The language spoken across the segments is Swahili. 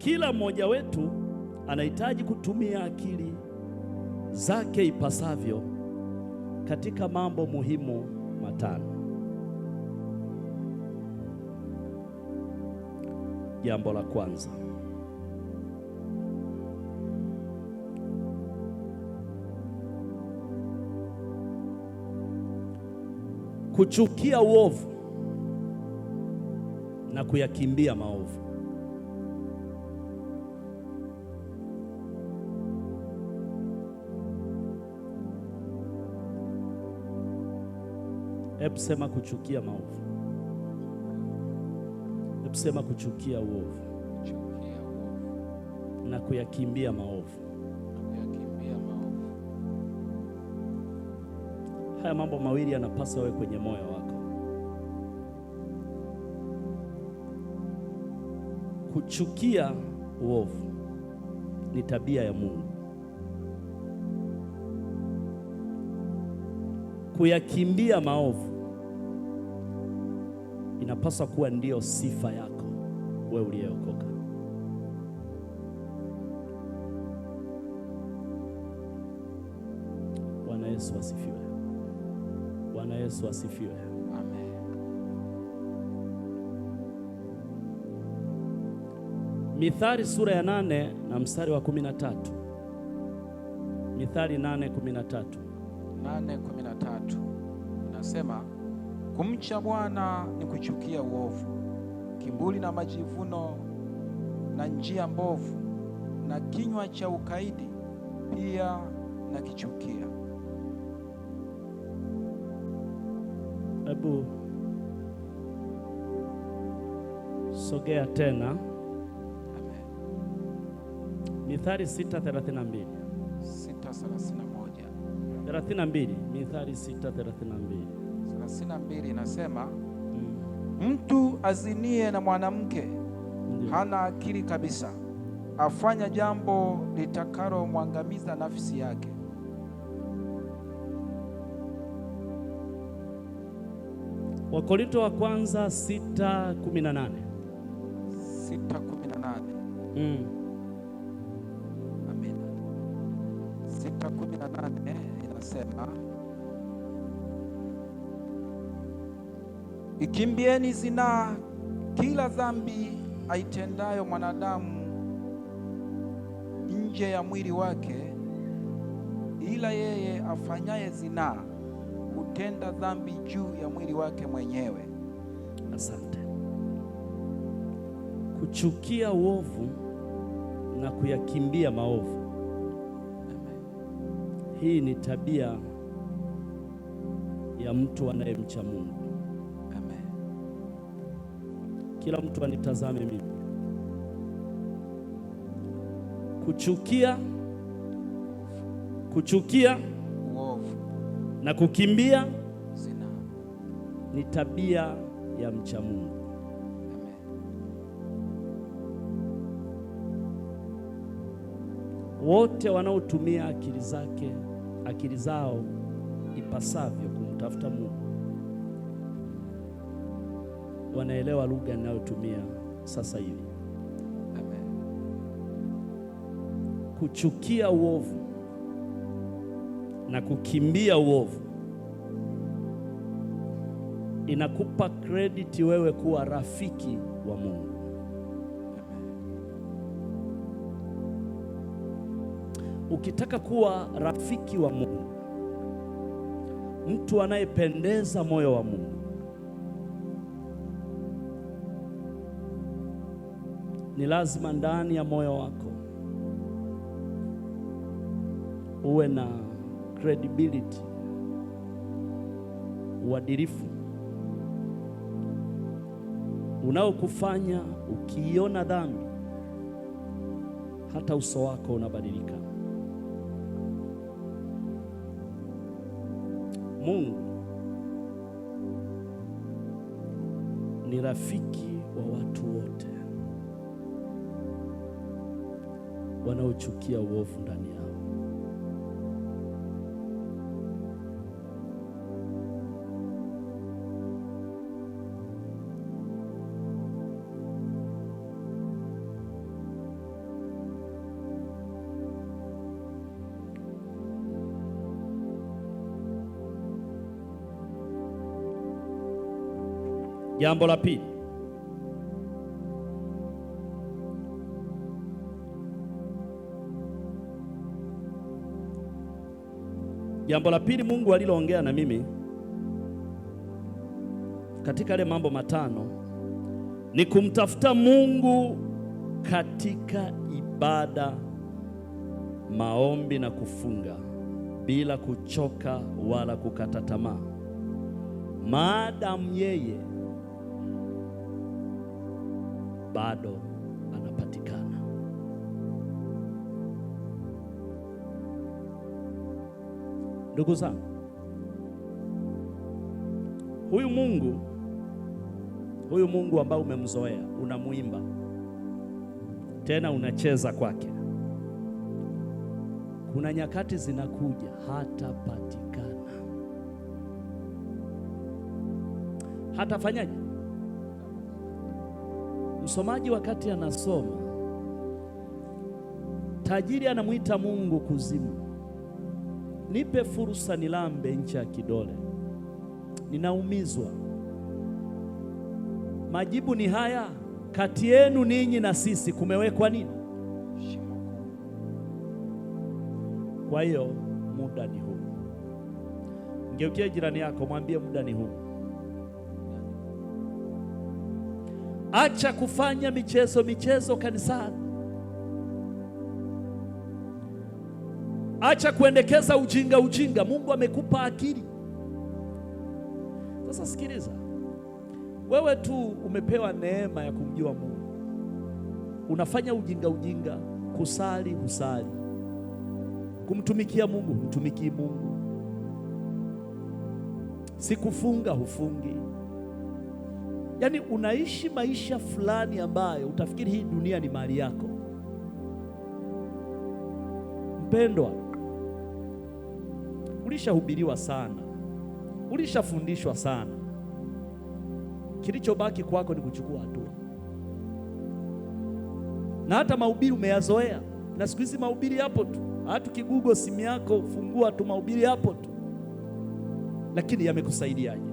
Kila mmoja wetu anahitaji kutumia akili zake ipasavyo katika mambo muhimu matano. Jambo la kwanza, kuchukia uovu na kuyakimbia maovu. Hebu sema kuchukia maovu. Hebu sema kuchukia uovu na kuyakimbia maovu. Haya mambo mawili yanapaswa wewe kwenye moyo wako. Kuchukia uovu ni tabia ya Mungu. Kuyakimbia maovu inapaswa kuwa ndiyo sifa yako wewe uliyeokoka. Bwana Yesu asifiwe. Bwana Yesu asifiwe. Amen. Mithali sura ya nane na mstari wa kumi na tatu. Mithali nane kumi na tatu. Nane kumi na tatu. Nasema Kumcha Bwana ni kuchukia uovu, kiburi na majivuno na njia mbovu na kinywa cha ukaidi pia na kichukia Hebu sogea tena. Amen. Mithali 6:32. 6:31. 32, Mithali 6:32 hamsini na mbili inasema mm. mtu azinie na mwanamke hana akili kabisa, afanya jambo litakalomwangamiza nafsi yake. Wakorinto wa kwanza 6:18. 6:18. Mm. Amina. 6:18 inasema Ikimbieni zinaa, kila dhambi aitendayo mwanadamu nje ya mwili wake, ila yeye afanyaye zinaa hutenda dhambi juu ya mwili wake mwenyewe. Asante. Kuchukia uovu na kuyakimbia maovu. Amen. Hii ni tabia ya mtu anayemcha Mungu kila mtu anitazame mimi. Kuchukia, kuchukia uovu na kukimbia zina ni tabia ya mcha Mungu. Wote wanaotumia akili zake akili zao ipasavyo kumtafuta Mungu wanaelewa lugha ninayotumia sasa hivi. Amen. Kuchukia uovu na kukimbia uovu inakupa krediti wewe kuwa rafiki wa Mungu. Ukitaka kuwa rafiki wa Mungu, mtu anayependeza moyo wa Mungu ni lazima ndani ya moyo wako uwe na credibility, uadilifu unaokufanya ukiiona dhambi hata uso wako unabadilika. Mungu ni rafiki wa watu wote. wanaochukia uovu ndani yao. Jambo la pili Jambo la pili Mungu aliloongea na mimi katika yale mambo matano ni kumtafuta Mungu katika ibada, maombi na kufunga bila kuchoka wala kukata tamaa, maadamu yeye bado Ndugu zangu, huyu Mungu huyu Mungu ambaye umemzoea, unamwimba tena, unacheza kwake, kuna nyakati zinakuja hatapatikana, hatafanyaje? Msomaji wakati anasoma, tajiri anamwita Mungu kuzimu nipe fursa nilambe ncha ya kidole, ninaumizwa. Majibu ni haya, kati yenu ninyi na sisi kumewekwa nini? Kwa hiyo muda ni huu. Mgeukie jirani yako, mwambie muda ni huu. Acha kufanya michezo michezo kanisani. Acha kuendekeza ujinga ujinga. Mungu amekupa akili. Sasa sikiliza, wewe tu umepewa neema ya kumjua Mungu, unafanya ujinga ujinga, kusali husali, kumtumikia Mungu humtumikii Mungu, sikufunga hufungi, yaani unaishi maisha fulani ambayo utafikiri hii dunia ni mali yako, mpendwa ulishahubiriwa sana, ulishafundishwa sana. Kilichobaki kwako ni kuchukua hatua, na hata mahubiri umeyazoea, na siku hizi mahubiri hapo tu, hata kigugo simu yako fungua tu, mahubiri hapo tu, lakini yamekusaidiaje?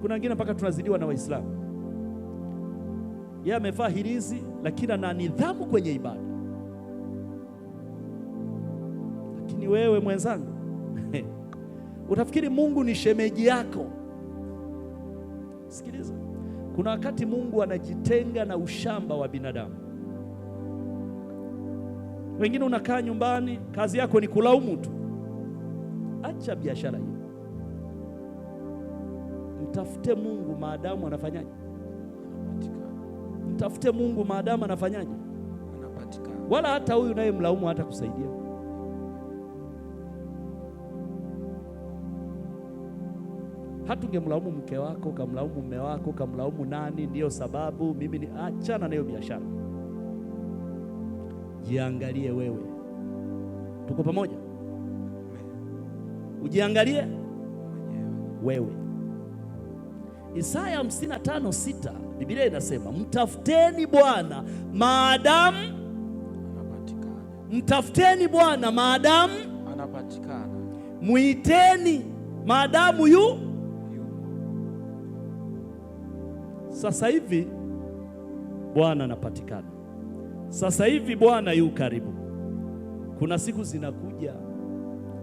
Kuna wengine mpaka tunazidiwa na Waislamu, yeye amevaa hirizi lakini ana nidhamu kwenye ibada. ni wewe mwenzangu? Utafikiri Mungu ni shemeji yako? Sikiliza, kuna wakati Mungu anajitenga na ushamba wa binadamu. Wengine unakaa nyumbani, kazi yako ni kulaumu tu. Acha biashara hiyo, mtafute Mungu maadamu anafanyaje? Anapatikana. Mtafute Mungu maadamu anafanyaje? Anapatikana. Wala hata huyu naye mlaumu hata kusaidia Hatungemlaumu mke wako, ukamlaumu mume wako, ukamlaumu nani ndiyo sababu mimi ni achana nayo biashara. Jiangalie wewe, tuko pamoja? Ujiangalie wewe. Isaya 55:6 Biblia inasema mtafuteni Bwana maadamu anapatikana, mtafuteni Bwana maadamu anapatikana, mwiteni maadamu yu Sasa hivi Bwana anapatikana, sasa hivi Bwana yu karibu. Kuna siku zinakuja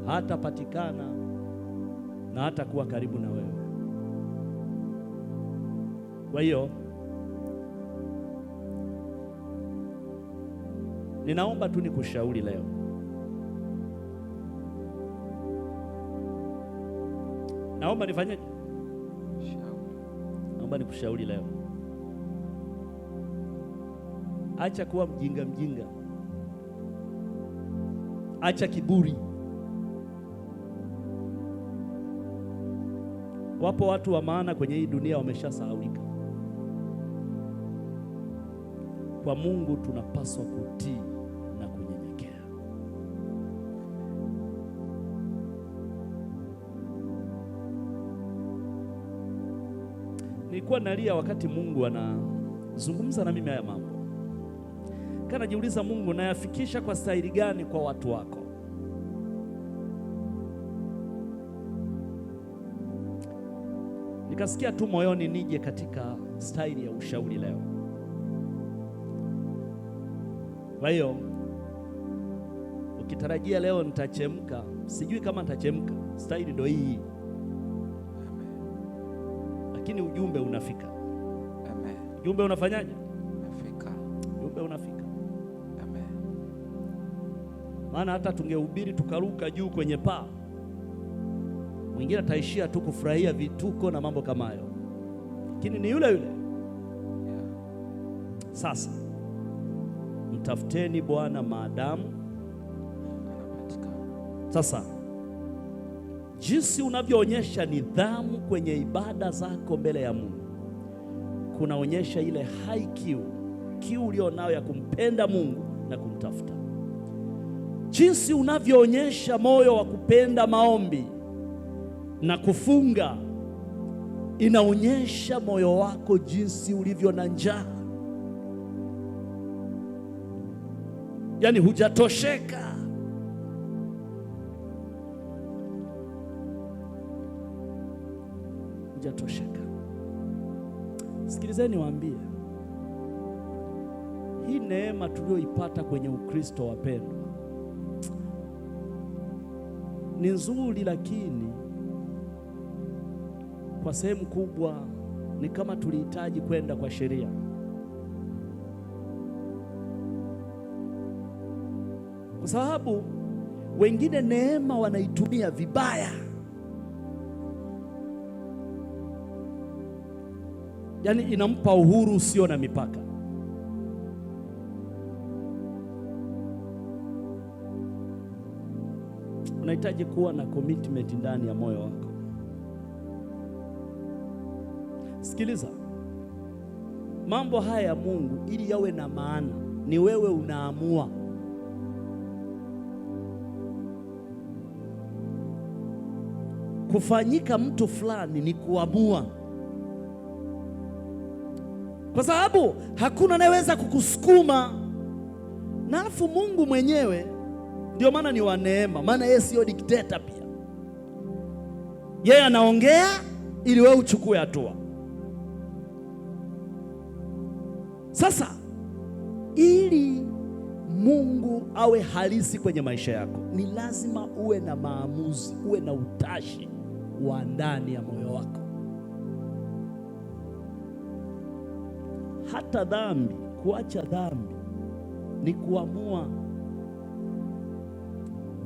hatapatikana na hata kuwa karibu na wewe. Kwa hiyo ninaomba tu nikushauri leo, naomba nifanyeje? naomba nikushauri leo, acha kuwa mjinga mjinga, acha kiburi. Wapo watu wa maana kwenye hii dunia wameshasahaulika. Kwa Mungu tunapaswa kutii. nilikuwa nalia wakati Mungu anazungumza na mimi haya mambo, kana najiuliza, Mungu nayafikisha kwa staili gani kwa watu wako? Nikasikia tu moyoni nije katika staili ya ushauri leo. Kwa hiyo ukitarajia leo nitachemka, sijui kama nitachemka. Staili ndio hii lakini ujumbe unafika. Amen. Ujumbe unafanyaje? Unafika. Ujumbe unafika. Amen. Maana hata tungehubiri tukaruka juu kwenye paa, mwingine ataishia tu kufurahia vituko na mambo kama hayo, lakini ni yule yule. Yeah. Sasa mtafuteni Bwana maadamu anapatikana. Sasa Jinsi unavyoonyesha nidhamu kwenye ibada zako mbele ya Mungu kunaonyesha ile high kiu, kiu ulio nayo ya kumpenda Mungu na kumtafuta. Jinsi unavyoonyesha moyo wa kupenda maombi na kufunga inaonyesha moyo wako jinsi ulivyo na njaa, yaani hujatosheka hajatosheka. Sikilizeni niwaambie, hii neema tuliyoipata kwenye Ukristo, wapendwa, ni nzuri, lakini kwa sehemu kubwa ni kama tulihitaji kwenda kwa sheria. Kwa sababu wengine neema wanaitumia vibaya. yaani inampa uhuru usio na mipaka. Unahitaji kuwa na commitment ndani ya moyo wako. Sikiliza, mambo haya ya Mungu ili yawe na maana, ni wewe unaamua. Kufanyika mtu fulani ni kuamua kwa sababu hakuna anayeweza kukusukuma na alafu Mungu mwenyewe ndio maana ni wa neema, maana yeye siyo dikteta pia. Yeye anaongea ili wewe uchukue hatua. Sasa ili Mungu awe halisi kwenye maisha yako, ni lazima uwe na maamuzi, uwe na utashi wa ndani ya moyo wako. hata dhambi. Kuacha dhambi ni kuamua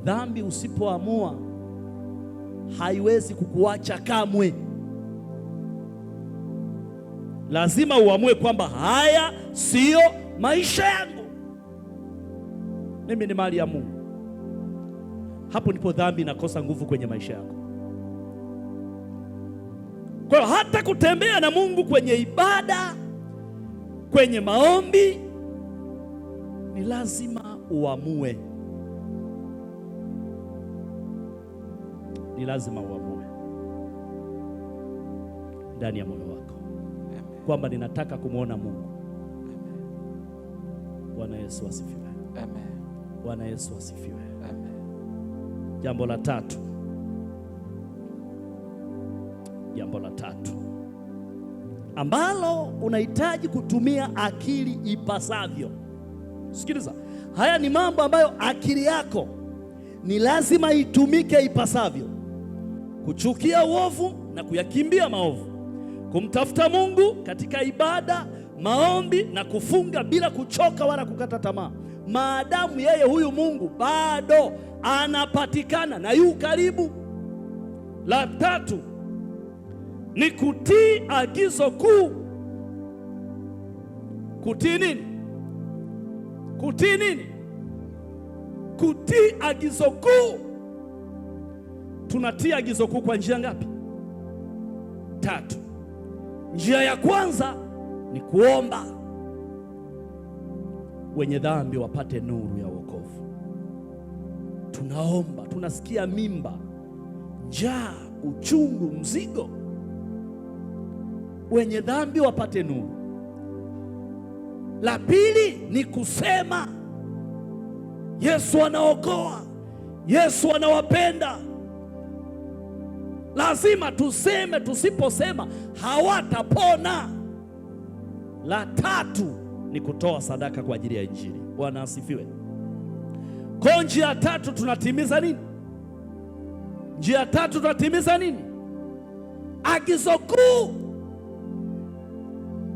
dhambi. Usipoamua haiwezi kukuacha kamwe. Lazima uamue kwamba haya siyo maisha yangu, mimi ni mali ya Mungu. Hapo ndipo dhambi inakosa nguvu kwenye maisha yako. Kwa hiyo hata kutembea na Mungu kwenye ibada kwenye maombi ni lazima uamue, ni lazima uamue ndani ya moyo wako kwamba ninataka kumwona Mungu. Bwana Yesu asifiwe. Amen. Bwana Yesu asifiwe. Amen. Jambo la tatu, jambo la tatu ambalo unahitaji kutumia akili ipasavyo. Sikiliza, haya ni mambo ambayo akili yako ni lazima itumike ipasavyo: kuchukia uovu na kuyakimbia maovu, kumtafuta Mungu katika ibada, maombi na kufunga bila kuchoka wala kukata tamaa, maadamu yeye huyu Mungu bado anapatikana na yu karibu. La tatu ni kutii agizo kuu. Kutii nini? Kutii nini? Kutii agizo kuu. Tunatii agizo kuu kwa njia ngapi? Tatu. Njia ya kwanza ni kuomba, wenye dhambi wapate nuru ya wokovu. Tunaomba, tunasikia mimba, njaa, uchungu, mzigo wenye dhambi wapate nuru. La pili ni kusema Yesu anaokoa, Yesu anawapenda. Lazima tuseme, tusiposema hawatapona. La tatu ni kutoa sadaka kwa ajili ya Injili. Bwana asifiwe. Kwa njia ya tatu tunatimiza nini? Njia tatu tunatimiza nini? Agizo kuu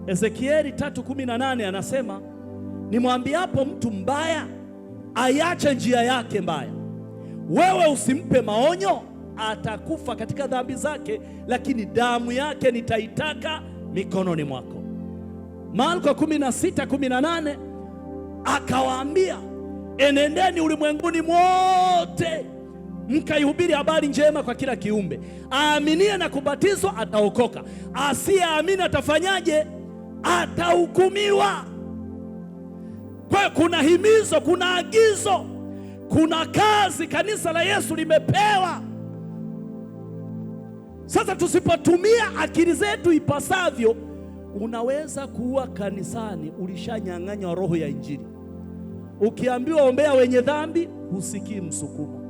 Ezekieli 3:18 anasema, nimwambiapo mtu mbaya aiache njia yake mbaya, wewe usimpe maonyo, atakufa katika dhambi zake, lakini damu yake nitaitaka mikononi mwako. Marko 16:18 akawaambia, enendeni ulimwenguni mwote mkaihubiri habari njema kwa kila kiumbe. Aaminie na kubatizwa ataokoka, asiyeamini atafanyaje? atahukumiwa. Kwa kuna himizo, kuna agizo, kuna kazi kanisa la Yesu limepewa. Sasa tusipotumia akili zetu ipasavyo, unaweza kuwa kanisani ulishanyang'anywa roho ya Injili. Ukiambiwa ombea wenye dhambi, husikii msukumo.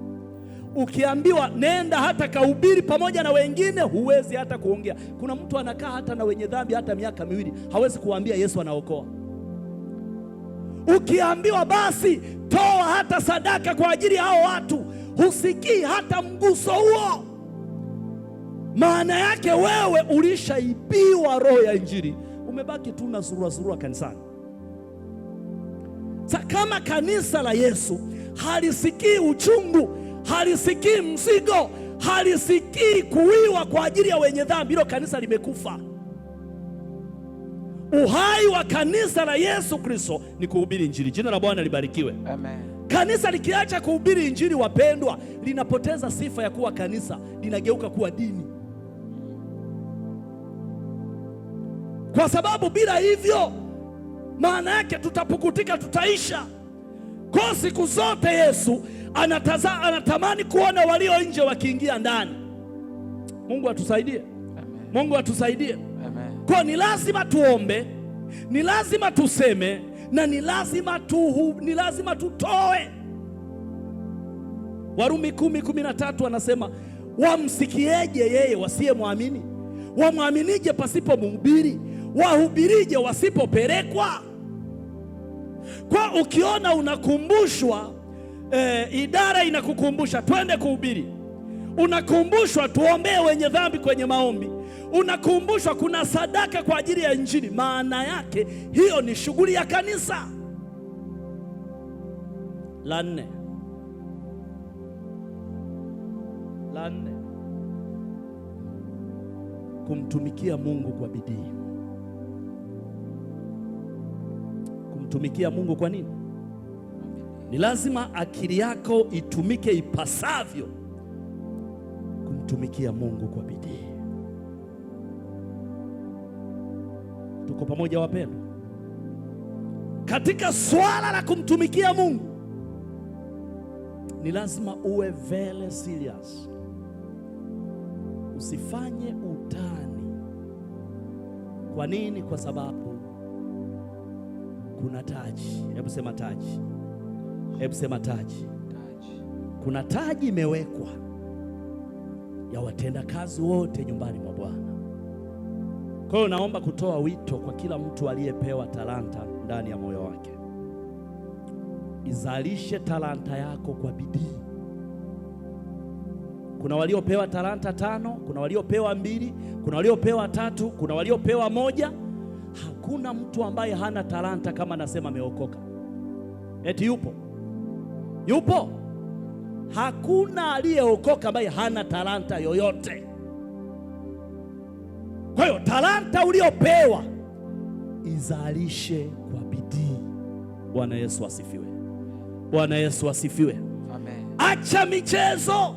Ukiambiwa nenda hata kahubiri pamoja na wengine, huwezi hata kuongea. Kuna mtu anakaa hata na wenye dhambi hata miaka miwili, hawezi kuambia Yesu anaokoa. Ukiambiwa basi toa hata sadaka kwa ajili ya hao watu, husikii hata mguso huo. Maana yake wewe ulishaibiwa roho ya Injili, umebaki tu na surua surua kanisani. Sa kama kanisa la Yesu halisikii uchungu halisikii mzigo, halisikii kuwiwa kwa ajili ya wenye dhambi. Hilo kanisa limekufa. Uhai wa kanisa la Yesu Kristo ni kuhubiri Injili. Jina la Bwana libarikiwe, amen. Kanisa likiacha kuhubiri Injili, wapendwa, linapoteza sifa ya kuwa kanisa, linageuka kuwa dini, kwa sababu bila hivyo, maana yake tutapukutika, tutaisha. Kwa siku zote Yesu anataza, anatamani kuona walio nje wakiingia ndani. Mungu atusaidie, Mungu atusaidie. Kwa ni lazima tuombe, ni lazima tuseme na ni lazima tu, ni lazima tutoe. Warumi kumi kumi na tatu anasema wamsikieje yeye wasiyemwamini? Wamwaminije pasipo mhubiri? Wahubirije wasipopelekwa? Kwa ukiona unakumbushwa eh, idara inakukumbusha twende kuhubiri, unakumbushwa tuombee wenye dhambi kwenye maombi, unakumbushwa kuna sadaka kwa ajili ya Injili. Maana yake hiyo ni shughuli ya kanisa. La nne, la nne, kumtumikia Mungu kwa bidii. Kumtumikia Mungu kwa nini? Ni lazima akili yako itumike ipasavyo kumtumikia Mungu kwa bidii. Tuko pamoja wapendwa? Katika swala la kumtumikia Mungu ni lazima uwe very serious. Usifanye utani. Kwa nini? Kwa sababu kuna taji. Hebu sema taji. Hebu sema taji. Kuna taji imewekwa ya watendakazi wote nyumbani mwa Bwana. Kwa hiyo naomba kutoa wito kwa kila mtu aliyepewa talanta ndani ya moyo wake, izalishe talanta yako kwa bidii. Kuna waliopewa talanta tano, kuna waliopewa mbili, kuna waliopewa tatu, kuna waliopewa moja. Hakuna mtu ambaye hana talanta kama anasema ameokoka, eti yupo Yupo? Hakuna aliyeokoka ambaye hana talanta yoyote. Kwa hiyo talanta uliopewa izalishe kwa bidii. Bwana Yesu asifiwe! Bwana Yesu asifiwe! Amen. Acha michezo.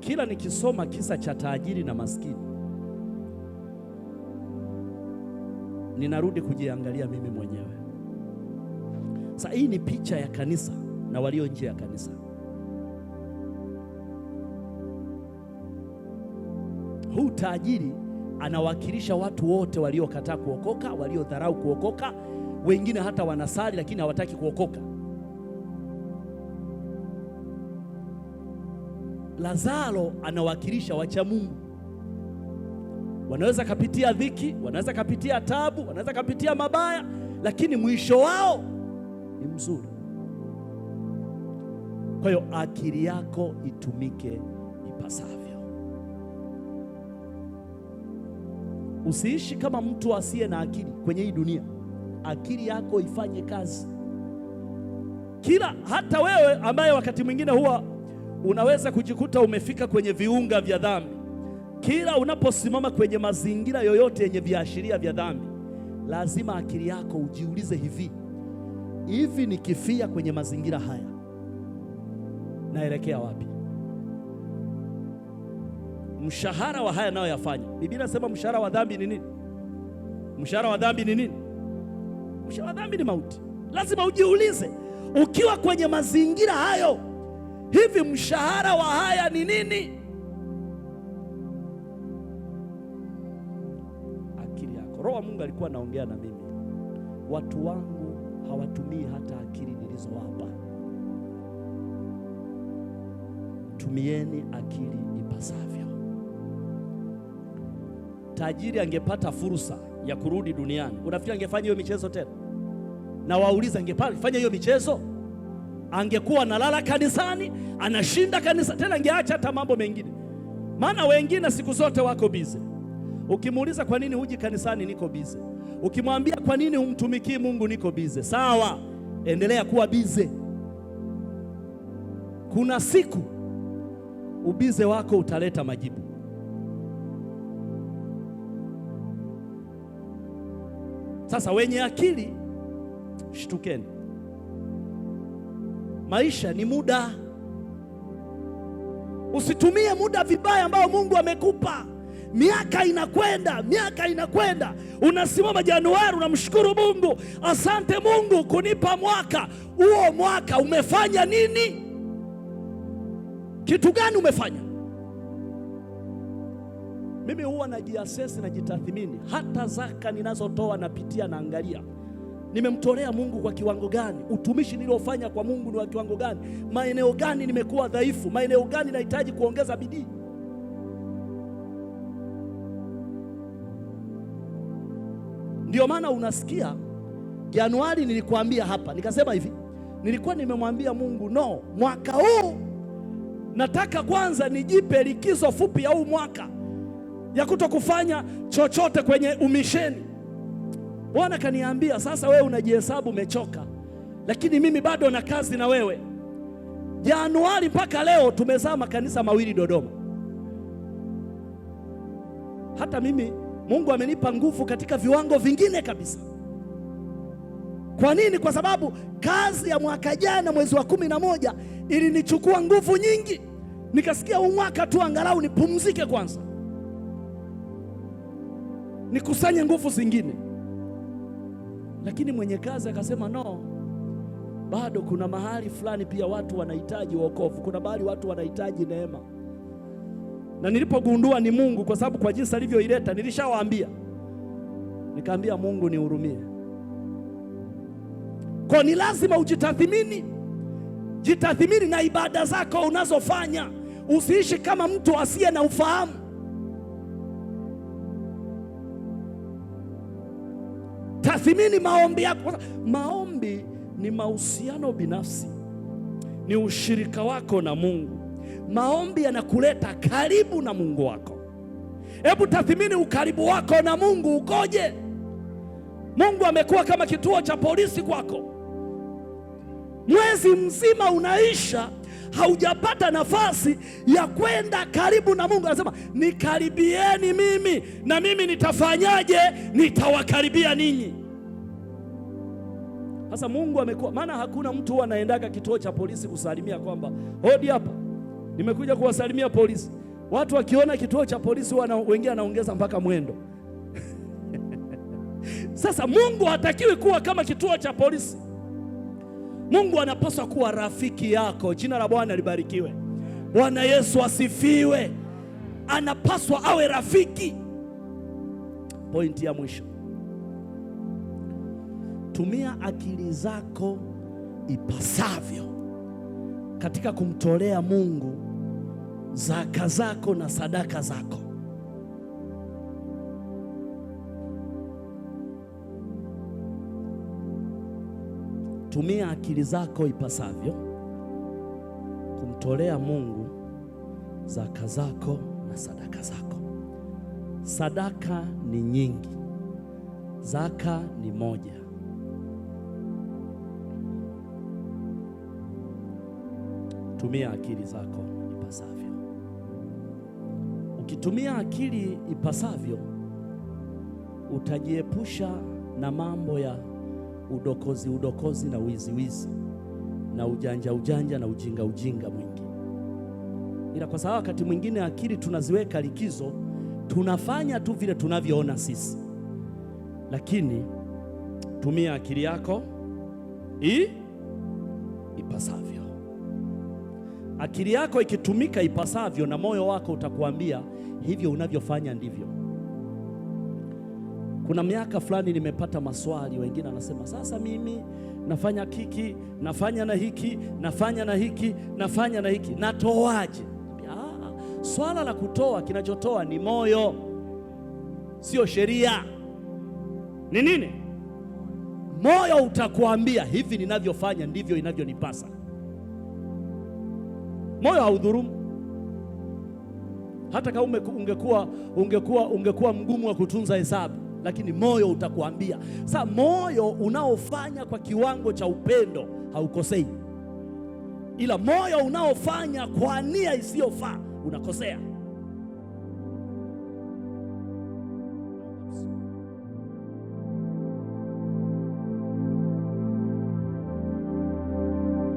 Kila nikisoma kisa cha tajiri na maskini ninarudi kujiangalia mimi mwenyewe. Sasa hii ni picha ya kanisa na walio nje ya kanisa. Huu tajiri anawakilisha watu wote waliokataa kuokoka, waliodharau kuokoka, wengine hata wanasali lakini hawataki kuokoka. Lazaro anawakilisha wacha Mungu wanaweza kapitia dhiki, wanaweza kapitia tabu, wanaweza kapitia mabaya, lakini mwisho wao ni mzuri. Kwa hiyo akili yako itumike ipasavyo, usiishi kama mtu asiye na akili kwenye hii dunia. Akili yako ifanye kazi kila, hata wewe ambaye wakati mwingine huwa unaweza kujikuta umefika kwenye viunga vya dhambi kila unaposimama kwenye mazingira yoyote yenye viashiria vya dhambi, lazima akili yako ujiulize hivi hivi, nikifia kwenye mazingira haya naelekea wapi? Mshahara wa haya nayo yafanya. Biblia inasema mshahara wa dhambi ni nini? Mshahara wa dhambi ni nini? Mshahara wa dhambi ni mauti. Lazima ujiulize ukiwa kwenye mazingira hayo, hivi mshahara wa haya ni nini? Roho wa Mungu alikuwa anaongea na mimi, watu wangu hawatumii hata akili nilizowapa. Tumieni akili ipasavyo. Tajiri angepata fursa ya kurudi duniani, unafikiri angefanya hiyo michezo tena? Na wauliza, angefanya hiyo michezo? Angekuwa analala kanisani, anashinda kanisa tena, angeacha hata mambo mengine, maana wengine siku zote wako busy Ukimuuliza kwa nini huji kanisani, niko bize. Ukimwambia kwa nini humtumikii Mungu, niko bize. Sawa, endelea kuwa bize. Kuna siku ubize wako utaleta majibu. Sasa wenye akili shtukeni, maisha ni muda. Usitumie muda vibaya ambao Mungu amekupa. Miaka inakwenda, miaka inakwenda, unasimama Januari unamshukuru Mungu, asante Mungu kunipa mwaka huo. Mwaka umefanya nini? Kitu gani umefanya? Mimi huwa najiasesi, najitathmini. Hata zaka ninazotoa napitia, naangalia nimemtolea Mungu kwa kiwango gani? Utumishi niliofanya kwa Mungu ni wa kiwango gani? Maeneo gani nimekuwa dhaifu? Maeneo gani nahitaji kuongeza bidii? Ndio maana unasikia Januari nilikuambia hapa, nikasema hivi, nilikuwa nimemwambia Mungu no, mwaka huu nataka kwanza nijipe likizo fupi ya huu mwaka ya kutokufanya chochote kwenye umisheni. Bwana kaniambia sasa, wewe unajihesabu umechoka, lakini mimi bado na kazi na wewe. Januari mpaka leo tumezaa makanisa mawili Dodoma. Hata mimi Mungu amenipa nguvu katika viwango vingine kabisa. Kwa nini? Kwa sababu kazi ya mwaka jana mwezi wa kumi na moja ilinichukua nguvu nyingi, nikasikia huu mwaka tu angalau nipumzike kwanza, nikusanye nguvu zingine. Lakini mwenye kazi akasema no, bado kuna mahali fulani pia watu wanahitaji wokovu, kuna mahali watu wanahitaji neema na nilipogundua ni Mungu, kwa sababu kwa jinsi alivyoileta nilishawaambia, nikaambia Mungu nihurumie. Kwa ni lazima ujitathimini, jitathimini na ibada zako unazofanya, usiishi kama mtu asiye na ufahamu. Tathimini maombi yako. Maombi ni mahusiano binafsi, ni ushirika wako na Mungu. Maombi yanakuleta karibu na Mungu wako. Hebu tathmini ukaribu wako na Mungu ukoje? Mungu amekuwa kama kituo cha polisi kwako. Mwezi mzima unaisha, haujapata nafasi ya kwenda karibu na Mungu. Anasema nikaribieni mimi, na mimi nitafanyaje? Nitawakaribia ninyi. Sasa Mungu amekuwa, maana hakuna mtu huwa anaendaga kituo cha polisi kusalimia kwamba hodi hapa Nimekuja kuwasalimia polisi. Watu wakiona kituo cha polisi wana wengine anaongeza mpaka mwendo. Sasa Mungu hatakiwi kuwa kama kituo cha polisi. Mungu anapaswa kuwa rafiki yako. Jina la Bwana libarikiwe. Bwana Yesu asifiwe. Anapaswa awe rafiki. Pointi ya mwisho, tumia akili zako ipasavyo katika kumtolea Mungu zaka zako na sadaka zako. Tumia akili zako ipasavyo kumtolea Mungu zaka zako na sadaka zako. Sadaka ni nyingi, zaka ni moja. Tumia akili zako ipasavyo ukitumia akili ipasavyo utajiepusha na mambo ya udokozi udokozi na wizi wizi na ujanja ujanja na ujinga ujinga mwingi. Ila kwa sababu wakati mwingine akili tunaziweka likizo, tunafanya tu vile tunavyoona sisi, lakini tumia akili yako i ipasavyo. Akili yako ikitumika ipasavyo na moyo wako utakuambia hivyo unavyofanya ndivyo. Kuna miaka fulani nimepata maswali, wengine anasema sasa, mimi nafanya kiki, nafanya na hiki, nafanya na hiki, nafanya na hiki, natoaje? Ah, ah, swala la kutoa, kinachotoa ni moyo, sio sheria. Ni nini? Moyo utakuambia hivi, ninavyofanya ndivyo inavyonipasa. Moyo haudhurumu. Hata kama ungekuwa, ungekuwa, ungekuwa mgumu wa kutunza hesabu, lakini moyo utakuambia. Sasa moyo unaofanya kwa kiwango cha upendo haukosei, ila moyo unaofanya kwa nia isiyofaa unakosea.